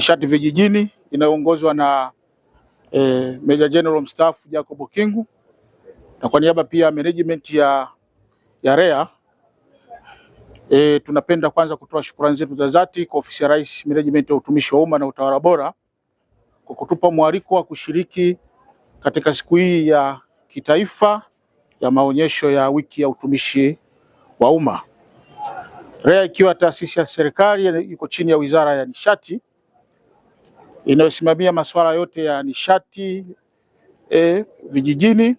nishati vijijini inayoongozwa na e, eh, Meja General mstaafu Jacob Kingu na kwa niaba pia management ya, ya REA e, tunapenda kwanza kutoa shukrani zetu za dhati kwa ofisi ya Rais, management ya utumishi wa umma na utawala bora kwa kutupa mwaliko wa kushiriki katika siku hii ya kitaifa ya maonyesho ya wiki ya utumishi wa umma. REA ikiwa taasisi ya serikali iko chini ya Wizara ya Nishati inayosimamia masuala yote ya nishati e, vijijini.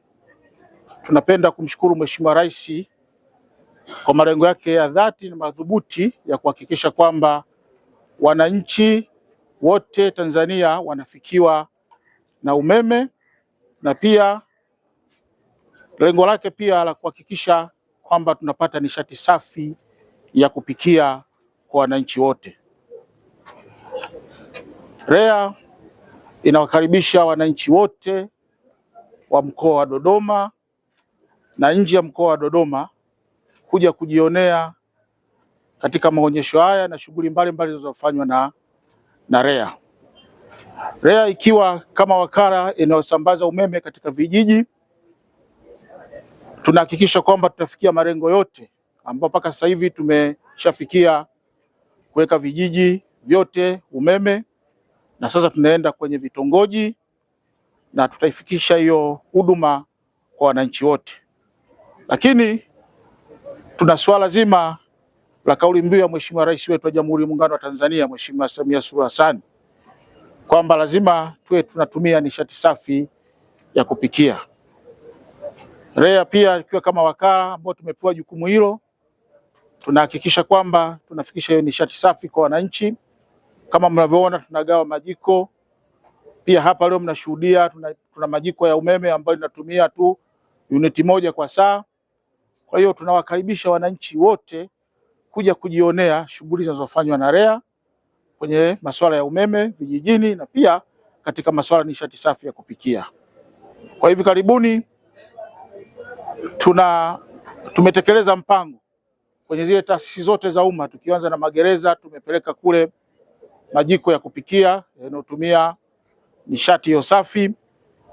Tunapenda kumshukuru Mheshimiwa Rais kwa malengo yake ya dhati na madhubuti ya kuhakikisha kwamba wananchi wote Tanzania wanafikiwa na umeme na pia lengo lake pia la kuhakikisha kwamba tunapata nishati safi ya kupikia kwa wananchi wote. REA inawakaribisha wananchi wote wa mkoa wa Dodoma na nje ya mkoa wa Dodoma kuja kujionea katika maonyesho haya na shughuli mbalimbali zinazofanywa na, na REA. REA ikiwa kama wakala inayosambaza umeme katika vijiji, tunahakikisha kwamba tutafikia malengo yote ambapo mpaka sasa hivi tumeshafikia kuweka vijiji vyote umeme na sasa tunaenda kwenye vitongoji na tutaifikisha hiyo huduma kwa wananchi wote, lakini tuna swala zima la kauli mbiu ya Mheshimiwa Rais wetu wa Jamhuri ya Muungano wa Tanzania Mheshimiwa Samia Suluhu Hassan kwamba lazima tuwe tunatumia nishati safi ya kupikia. REA pia ikiwa kama wakala ambao tumepewa jukumu hilo, tunahakikisha kwamba tunafikisha hiyo nishati safi kwa wananchi. Kama mnavyoona tunagawa majiko pia hapa leo mnashuhudia tuna, tuna majiko ya umeme ambayo inatumia tu uniti moja kwa saa. Kwa hiyo tunawakaribisha wananchi wote kuja kujionea shughuli zinazofanywa na REA kwenye masuala ya umeme vijijini na pia katika masuala nishati safi ya kupikia. Kwa hivi karibuni tuna tumetekeleza mpango kwenye zile taasisi zote za umma tukianza na magereza, tumepeleka kule majiko ya kupikia yanayotumia nishati hiyo safi,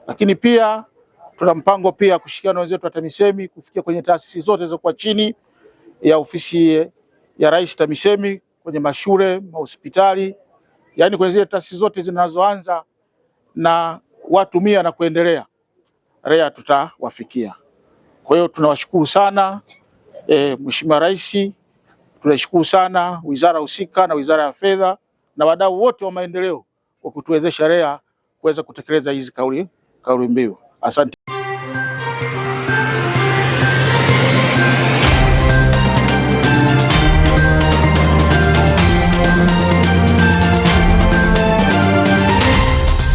lakini pia tuna mpango pia kushirikiana wenzetu wa TAMISEMI kufikia kwenye taasisi zote zilizokuwa chini ya ofisi ya Rais TAMISEMI, kwenye mashule, mahospitali, yaani kwenye zile taasisi zote zinazoanza na watu mia na kuendelea, REA tutawafikia. Kwa hiyo tunawashukuru sana e, Mheshimiwa Rais, tunashukuru sana wizara husika na Wizara ya Fedha na wadau wote wa maendeleo kwa kutuwezesha REA kuweza kutekeleza hizi kauli kauli mbiu. Asante.